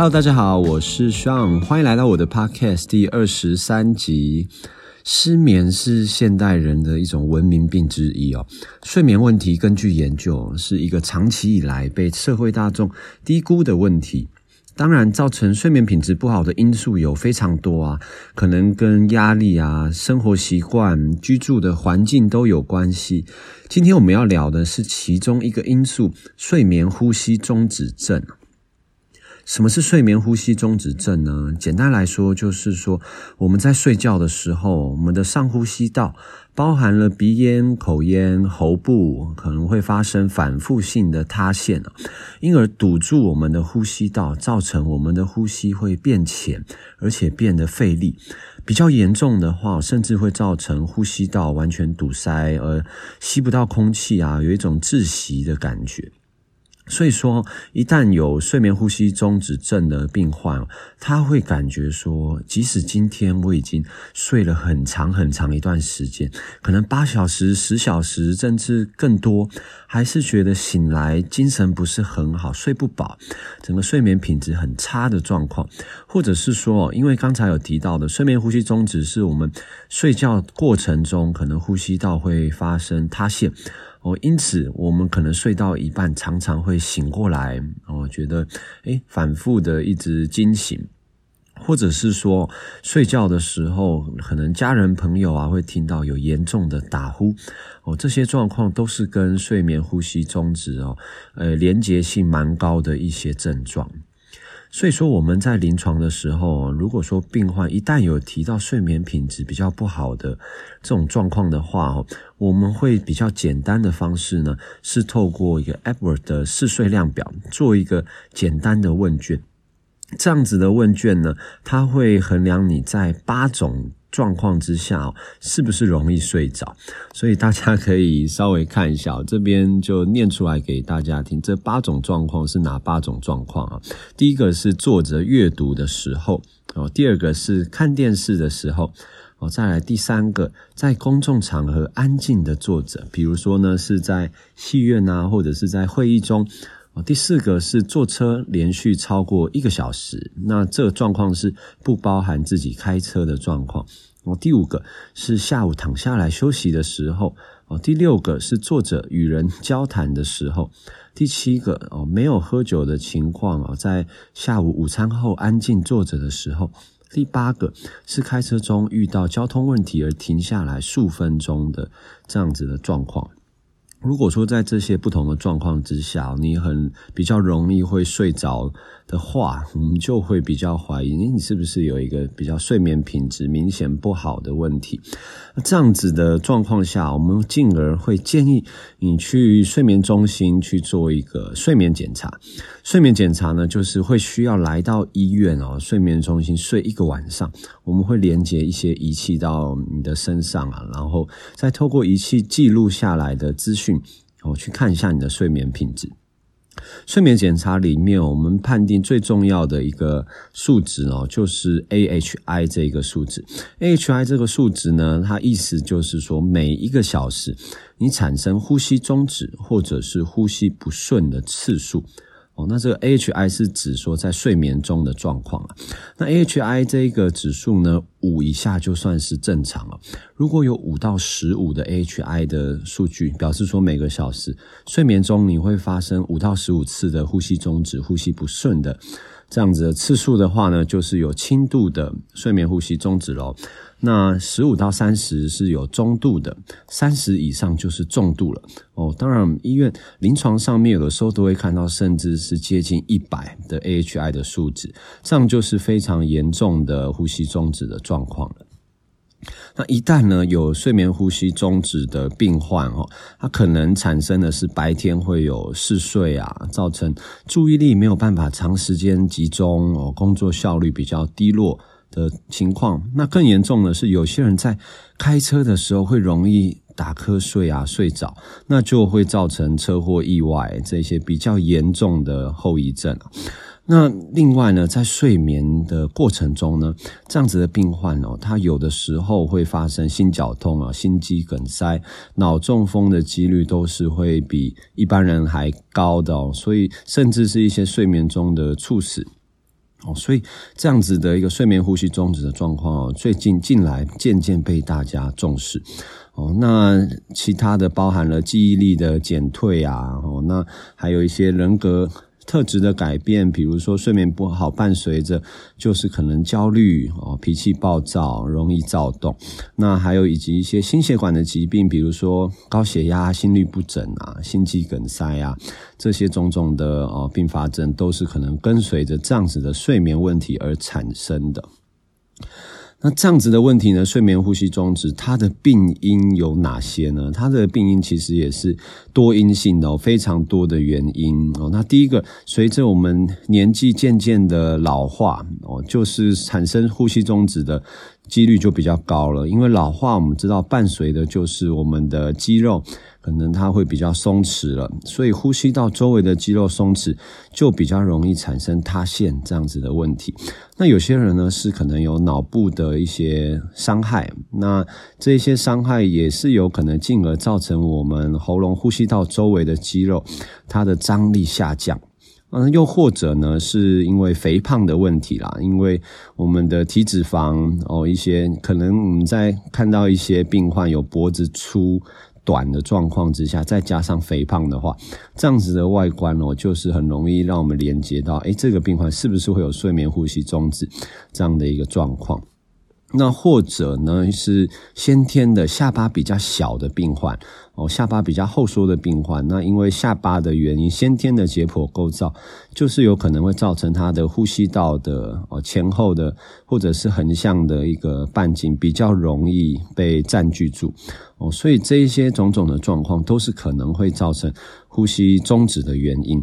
Hello，大家好，我是 Sean，歡迎來到我的 Podcast 第二十三集。失眠是現代人的一種文明病之一哦。睡眠問題根據研究是一個長期以來被社會大眾低估的問題。當然，造成睡眠品質不好的因素有非常多啊，可能跟壓力啊、生活習慣、居住的環境都有關係。今天我們要聊的是其中一個因素——睡眠呼吸中止症。什麼是睡眠呼吸中止症呢？簡單來說，就是說我們在睡覺的時候，我們的上呼吸道包含了鼻咽、口咽、喉部，可能會發生反覆性的塌陷，因而堵住我們的呼吸道，造成我們的呼吸會變淺，而且變得費力。比較嚴重的話，甚至會造成呼吸道完全堵塞，而吸不到空氣啊，有一種窒息的感覺。所以說，一旦有睡眠呼吸中止症的病患，他會感覺說，即使今天我已經睡了很長很長一段時間，可能八小時、十小時，甚至更多，還是覺得醒來精神不是很好，睡不飽，整個睡眠品質很差的狀況。或者是說，因為剛才有提到的，睡眠呼吸中止是我們睡覺過程中可能呼吸道會發生塌陷。哦，因此我們可能睡到一半，常常會醒過來，哦，覺得哎，反覆的一直驚醒，或者是說睡覺的時候，可能家人朋友啊會聽到有嚴重的打呼，哦，這些狀況都是跟睡眠呼吸中止哦，呃，連接性蠻高的一些症狀。所以說我們在臨床的時候，如果說病患一旦有提到睡眠品質比較不好的這種狀況的話，哦，我們會比較簡單的方式呢，是透過一個 Epworth 的嗜睡量表做一個簡單的問卷。這樣子的問卷呢，它會衡量你在八種。狀況之下，是不是容易睡着？所以大家可以稍微看一下，這邊就念出來給大家聽。這八種狀況是哪八種狀況啊？第一個是坐着閱讀的時候，第二個是看電視的時候，再來第三個，在公眾場合安靜的坐着，比如說呢，是在戲院啊，或者是在會議中。第四個是坐車連續超過一個小時，那這狀況是不包含自己開車的狀況。哦，第五個是下午躺下來休息的時候。哦，第六個是坐着與人交談的時候。第七個哦，沒有喝酒的情況哦，在下午午餐後安靜坐着的時候。第八個是開車中遇到交通問題而停下來數分鐘的這樣子的狀況。如果說在這些不同的狀況之下，你很比較容易會睡着的話，我們就會比較懷疑，你是不是有一個比較睡眠品質明顯不好的問題？那這樣子的狀況下，我們進而會建議你去睡眠中心去做一個睡眠檢查。睡眠檢查呢，就是會需要來到醫院哦，睡眠中心睡一個晚上，我們會連接一些儀器到你的身上啊，然後再透過儀器記錄下來的資訊。我去看一下你的睡眠品質。睡眠檢查裡面，我們判定最重要的一個數值哦，就是 AHI 這個數值。AHI 這個數值呢，它意思就是說，每一個小時你產生呼吸中止或者是呼吸不順的次數。哦，那這個 AHI 是指說在睡眠中的狀況啊。那 AHI 這個指數呢，五以下就算是正常了啊。如果有五到十五的 AHI 的數據，表示說每個小時睡眠中你會發生五到十五次的呼吸中止，呼吸不順的。這樣子的次數的話呢，就是有輕度的睡眠呼吸中止咯，那十五到三十是有中度的，三十以上就是重度了哦。當然，我們醫院臨床上面有的時候都會看到，甚至是接近一百的 AHI 的數值，這樣就是非常嚴重的呼吸中止的狀況了。那一旦呢有睡眠呼吸中止的病患哦，他可能產生的是白天會有嗜睡啊，造成注意力沒有辦法長時間集中哦，工作效率比較低落的情況。那更嚴重的是，有些人在開車的時候會容易打瞌睡啊、睡着，那就會造成車禍意外，這些比較嚴重的後遺症。那另外呢，在睡眠的過程中呢，這樣子的病患哦，他有的時候會發生心絞痛啊、心肌梗塞、腦中風的幾率都是會比一般人還高的哦，所以甚至是一些睡眠中的猝死哦。所以這樣子的一個睡眠呼吸中止的狀況哦，最近近來漸漸被大家重視哦。那其他的包含了記憶力的減退啊，哦，那還有一些人格。特質的改變，比如說睡眠不好，伴隨着就是可能焦慮哦，脾氣暴躁，容易躁動。那還有以及一些心血管的疾病，比如說高血壓、心律不整啊、心肌梗塞啊，這些種種的哦併發症，都是可能跟隨着這樣子的睡眠問題而產生的。那這樣子的問題呢，睡眠呼吸中止，它的病因有哪些呢？它的病因其實也是多因性的，非常多的原因哦。那第一個，隨着我們年紀漸漸的老化哦，就是產生呼吸中止的幾率就比較高了。因為老化，我們知道伴隨的就是我們的肌肉。可能它會比較鬆弛了，所以呼吸道周圍的肌肉鬆弛就比較容易產生塌陷這樣子的問題。那有些人呢是可能有腦部的一些傷害，那這些傷害也是有可能進而造成我們喉嚨、呼吸道周圍的肌肉它的張力下降。那又或者呢是因為肥胖的問題啦，因為我們的體脂肪哦，一些可能我們在看到一些病患有脖子粗、短的狀況之下，再加上肥胖的話，這樣子的外觀哦、喔，就是很容易讓我們連接到，哎、欸，這個病患是不是會有睡眠呼吸中止，這樣的一個狀況。那或者呢，是先天的下巴比較小的病患，哦，下巴比較後縮的病患，那因為下巴的原因，先天的解剖構造，就是有可能會造成他的呼吸道的哦，前後的或者是橫向的一個半徑比較容易被占據住，哦，所以這一些種種的狀況都是可能會造成呼吸中止的原因。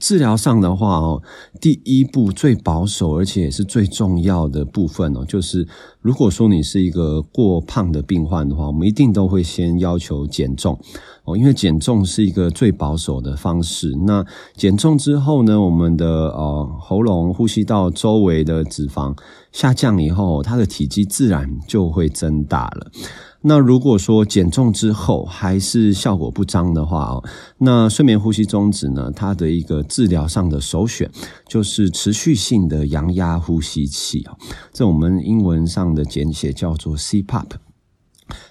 治療上的話哦，第一步最保守而且也是最重要的部分哦，就是。如果說你是一個過胖的病患的話，我們一定都會先要求減重哦，因為減重是一個最保守的方式。那減重之後呢，我們的呃、哦、喉嚨、呼吸道周圍的脂肪下降以後，它的體積自然就會增大了。那如果說減重之後還是效果不彰的話哦，那睡眠呼吸中止呢，它的一個治療上的首選就是持續性的陽壓呼吸器哦，在我們英文上。的簡寫叫做 CPAP。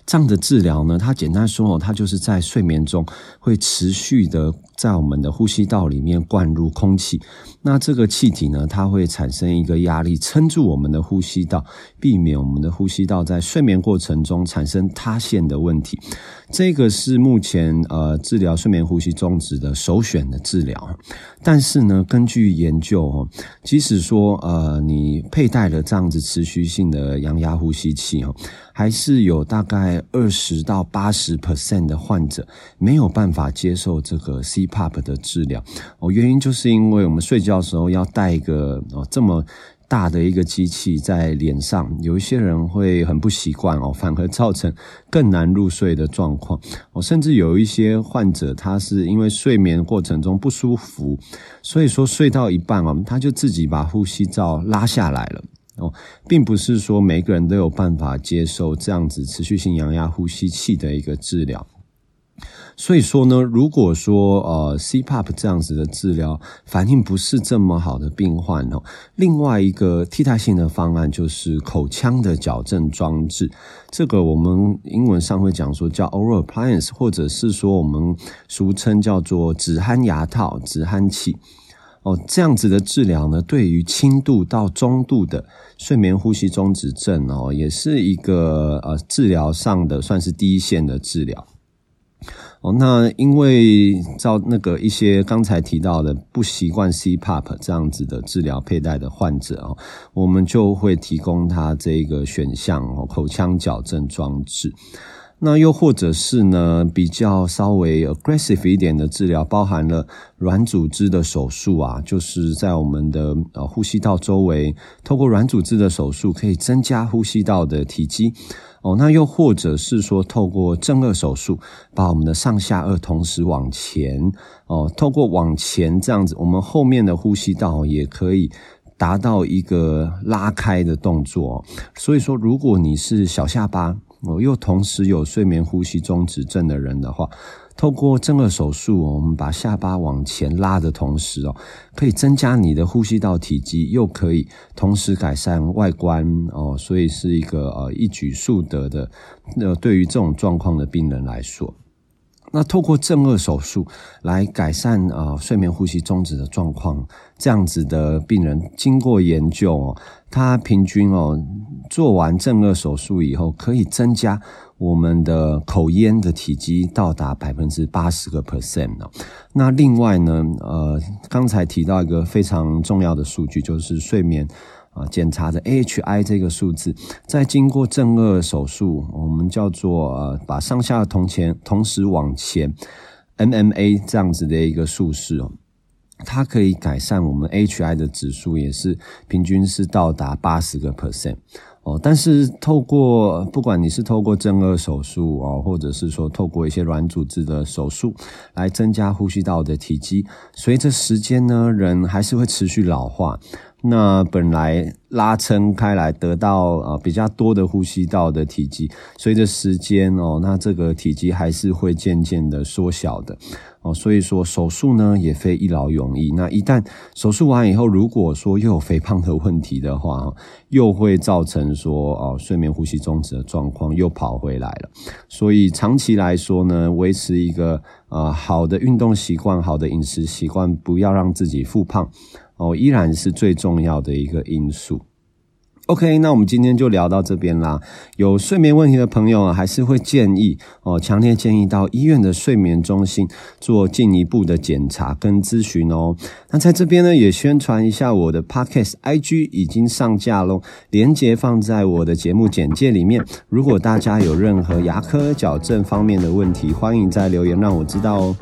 這樣的治療呢，它簡單說哦，它就是在睡眠中會持續的在我們的呼吸道裡面灌入空氣，那這個氣體呢，它會產生一個壓力，撐住我們的呼吸道，避免我們的呼吸道在睡眠過程中產生塌陷的問題。這個是目前呃治療睡眠呼吸中止的首選的治療。但是呢，根據研究哦，即使說呃你佩戴了這樣子持續性的陽壓呼吸器哦，還是有大概。二十到八十 percent 的患者沒有辦法接受這個 CPAP 的治療哦，原因就是因為我們睡覺的時候要帶一個哦這麼大的一個機器在臉上，有一些人會很不習慣哦，反而造成更難入睡的狀況哦。甚至有一些患者，他是因為睡眠過程中不舒服，所以說睡到一半哦，他就自己把呼吸罩拉下來了。哦，並不是說每個人都有辦法接受這樣子持續性陽壓呼吸器的一個治療，所以說呢，如果說呃 CPAP 這樣子的治療反應不是這麼好的病患哦，另外一個替代性的方案就是口腔的矯正裝置，這個我們英文上會講說叫 oral appliance，或者是說我們俗稱叫做止鼾牙套、止鼾器。哦，這樣子的治療呢，對於輕度到中度的睡眠呼吸中止症哦，也是一個呃治療上的算是第一線的治療。哦，那因為照那個一些剛才提到的不習慣 CPAP 這樣子的治療佩戴的患者哦，我們就會提供他這個選項哦，口腔矯正裝置。那又或者是呢，比較稍微 aggressive 一點的治療，包含了軟組織的手術啊，就是在我們的呃呼吸道周圍，透過軟組織的手術可以增加呼吸道的體積。哦，那又或者是說，透過正顎手術，把我們的上下顎同時往前哦，透過往前這樣子，我們後面的呼吸道也可以達到一個拉開的動作。所以說，如果你是小下巴。我又同時有睡眠呼吸中止症的人的話，透過正顎手術，我們把下巴往前拉的同時哦，可以增加你的呼吸道體積，又可以同時改善外觀哦，所以是一個呃一舉數得的。那對於這種狀況的病人來說。那透過正顎手術來改善啊、呃、睡眠呼吸中止的狀況，這樣子的病人經過研究，哦、他平均哦做完正顎手術以後，可以增加我們的口咽的體積到達百分之八十個 percent 哦。那另外呢，呃，剛才提到一個非常重要的數據，就是睡眠。啊，檢查的 AHI 這個數字，在經過正顎手術，我們叫做呃，把上下的同前同時往前 MMA 這樣子的一個術式哦，它可以改善我們 AHI 的指數，也是平均是到達八十個 percent 哦。但是透過不管你是透過正顎手術哦，或者是說透過一些軟組織的手術來增加呼吸道的體積，隨着時間呢，人還是會持續老化。那本來拉撐開來得到啊比較多的呼吸道的體積，隨着時間哦，那這個體積還是會漸漸的縮小的哦。所以說手術呢也非一勞永逸。那一旦手術完以後，如果說又有肥胖的問題的話，又會造成說哦睡眠呼吸中止的狀況又跑回來了。所以長期來說呢，維持一個啊好的運動習慣，好的飲食習慣，不要讓自己復胖。哦，依然是最重要的一個因素。OK，那我們今天就聊到這邊啦。有睡眠問題的朋友啊，還是會建議哦，強烈建議到醫院的睡眠中心做進一步的檢查跟諮詢哦。那在這邊呢，也宣傳一下我的 Podcast，IG 已經上架嘍，鏈接放在我的節目簡介裡面。如果大家有任何牙科矯正方面的問題，歡迎在留言讓我知道哦。